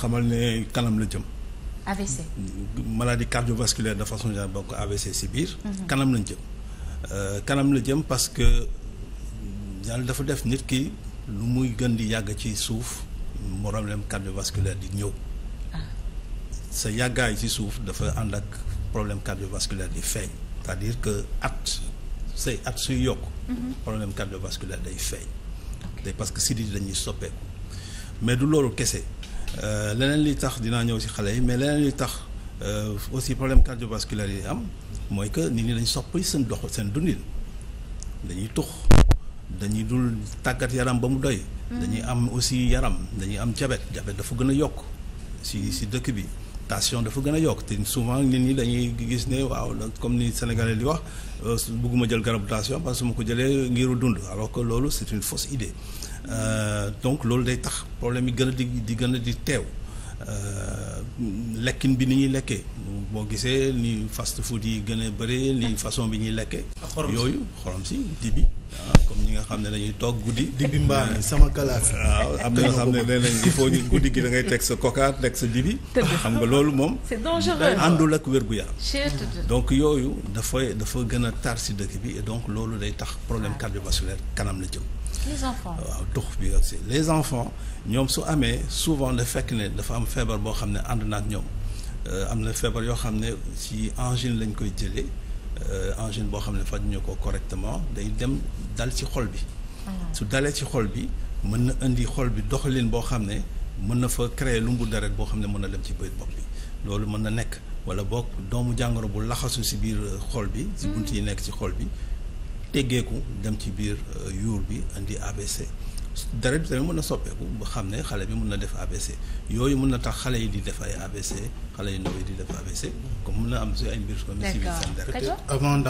xamal ne kanam la jëm. AVC. maladie cardiovasculaire de façon générale bokk si biir. Mhm. kanam lañ jëm. Euh, kanam la jëm parce que yàlla dafa def nit ki lu muy gën di yàgg ci suuf problème cardiovasculaire di ñëw. Ah. sa yàggaay ci suuf dafa ànd ak problème cardiovasculaire di feeñ. c'est-à-dire que at say at suy yokk. Mhm. problème cardiovasculaire day feeñ. te parce que sidit dañuy soppeeku mais du loolu kese. Euh, leneen li tax dinaa ñëw si xale yi mais leneen li tax euh, aussi problème cardiovasculaire yi am mooy que nit ñi dañ soppi seen dox seen dundin dañuy tux dañuy dul tàggat yaram ba mu doy. Mm. dañuy am aussi yaram dañuy am jabet jabet dafa gën a yokk si si dëkk bi. tension dafa gën a yokk te souvent nit ñi dañuy gis ne waaw comme ni sénégalais di wax euh, bëgguma jël garabu tension parce que ma ko jëlee ngiru dund alors que loolu c'est une fausse idée euh, donc loolu day tax problème yi gën a di di gën a di teew euh, lekkin bi ni ñuy lekkee boo gisee ni fast food yi gën a bëri ni façon bi ñuy lekkee yooyu xorom si dibi waaw ah, comme ñi nga xam ne dañuy toog guddi dibi mbaa ah. sama kalaas ah, waaw am na nga xam ne nee nañ il faut ñu guddi gi da ngay teg sa coca teg sa dibi xam nga loolu moom c'est dangereux àndul wér gu yaram donc yooyu dafay dafa gën a tar si dëkk bi et donc loolu day tax problème cardiovasculaire kanam la jëm les enfants waaw tux bi aussi les enfants ñoom su amee souvent da fekk ne dafa am feebar boo xam ne ànd na ak ñoom Euh, am na feebar yoo xam ne ci engine lañ koy jëlee engine euh, boo xam ne fa fajuñu ko correctement day dem dal ci xol bi. Ah. su dalee ci xol bi mën na indi xol bi doxalin boo xam ne mën na fa créer lumbu deret boo xam ne mën na dem ci bëy bopp bi loolu mën na nekk wala boog doomu jàngoro bu laxasu si biir euh, xol bi. ci mm. bunt yi nekk ci xol bi. teggeeku dem ci biir euh, yuur bi indi ABC dara bi tamit mën na soppeeku ba xam ne xale bi mun na def ABC yooyu mun na tax xale yi di def ay ABC xale yu ndaw yi di def ABC comme mun na am si ay mbir. d'accord